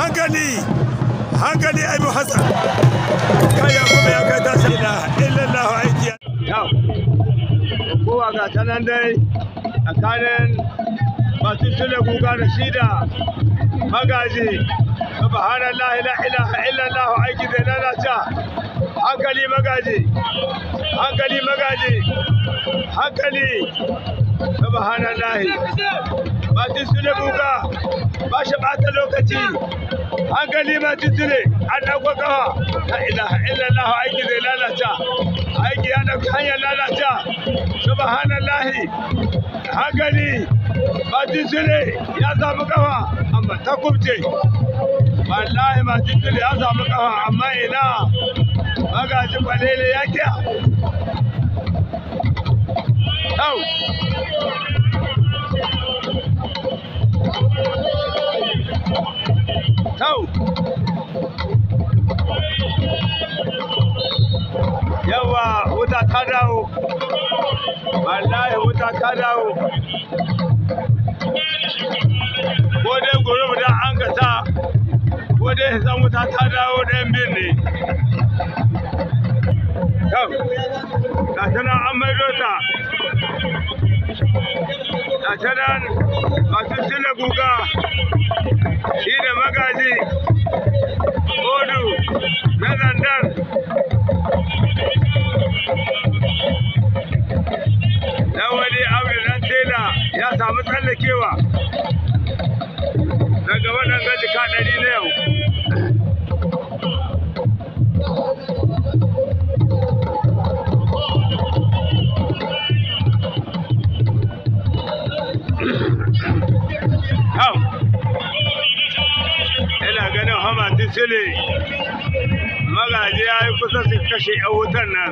hankali hankali abu hassan kaya kuma ya kai tashi na illallah aiki yau kowa ga ta nan dai a kanin masu tuna guga da shida magaji subhanallahi la ilaha illallah aiki zai lalata hankali magaji hankali magaji hankali subhanallahi ba tuntune buka ba shi bata lokaci gani ba tuntune an dauko kafa la ilaha illallah aiki zai lalata aiki ya dauki hanyar lalata subhanallahi gani ba tuntune ya samu kafa amma ta kubce wallahi ba tuntune ya samu kafa amma ina magajin balele ya kiya Tau! Oh. Oh. Yawa wuta ta dawo, wallahi wuta ta dawo. ta nan masu cire guga shi da magaji odu na zandan mamatin sile magaji ya yi kusa su kashe yan wutar nan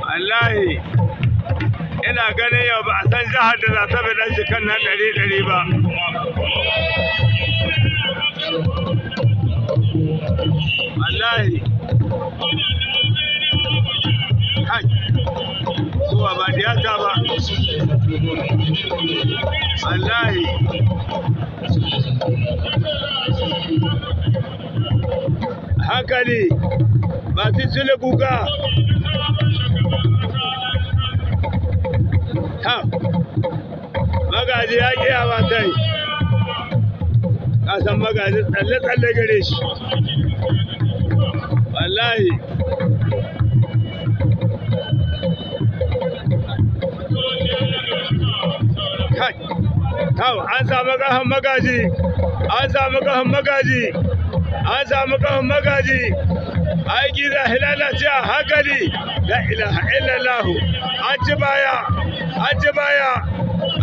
wallahi ina ganin yau ba a san jihar da za ta bi dan shikan nan ɗari ɗari ba wallahi kai zuwa ba da ba hankali masu sule kuka ha magaji ya magaji tsalle-tsalle gare shi wallahi kai an samu ƙahan magaji magaji an samu kan magaji aiki da hilalaci a hankali la ilaha illallah an ci baya an ci baya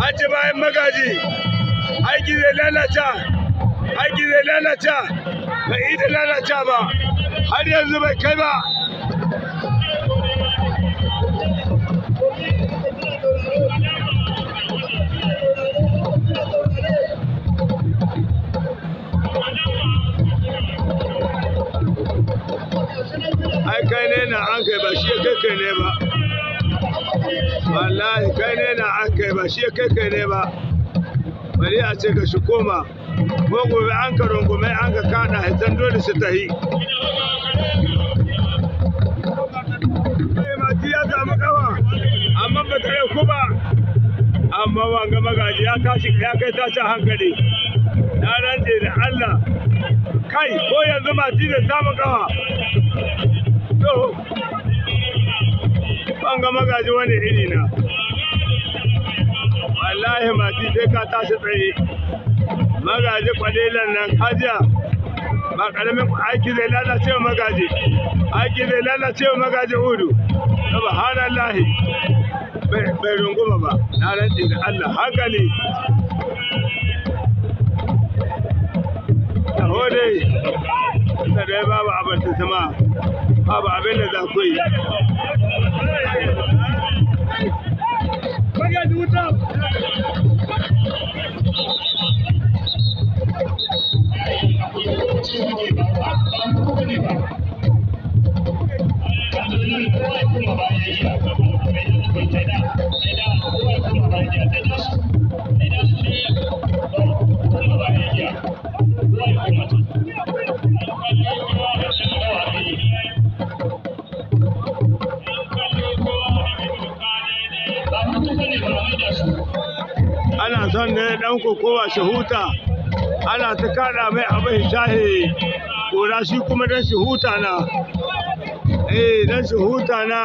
an ci bayan magaji aiki zai lalata aiki zai lalata bai yi da lalata ba har yanzu bai kai ba kai ne na an kai ba shi ya kai kai ne ba wallahi kai ne na an kai ba shi ya kai kai ne ba bari a ce ka shi koma ko gobe an ka rungume an ka kada haitan dole su tahi eh, amma ba tare ku ba amma wanga magaji ya tashi ya kai tashi hankali na rantse da Allah kai ko yanzu mati da samu kawa to ban ga magaji wani iri na wallahi mati sai ka tashi tsaye magaji kwalilan nan kajiya ba karamin aiki zai lalace wa magaji aiki zai lalace wa magaji hudu subhanallahi bai runguma ba na rantsi da Allah hankali taho dai da dai babu abin sama babu abin da za ku yi Thank you. sannan ɗan kokowa shi huta ana ta kaɗa mai abin shahi kora shi kuma dan shi huta na eh dan shi huta na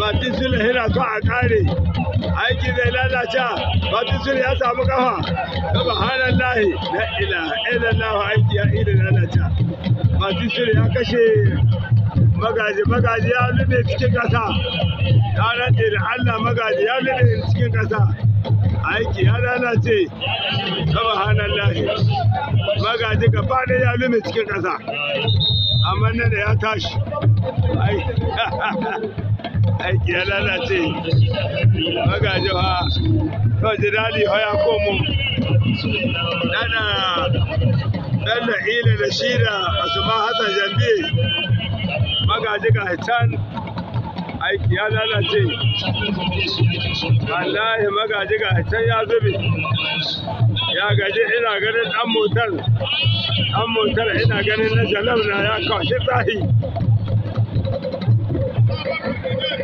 matin sule yana so a ƙare aiki zai lalace matin sule ya samu kafa kaba hanan lahi la ila illallah aiki ya ila lalace matin sule ya kashe magaji magaji ya lube cikin ƙasa ya rade da allah magaji ya lube cikin ƙasa aiki ya lalace kama hannun lahi magaji ka da ya lume cikin ƙasa amma nan da ya tashi aiki ya lalace magaji ha kawai ji dali ha ya komo nana da ila da shida a suma hasan jambi magaji ka can aiki ya lalace wallahi magaji ga can ya zube ya gaji ina ganin dan motar dan motar ina ganin na jalabna na ya kashi tsahi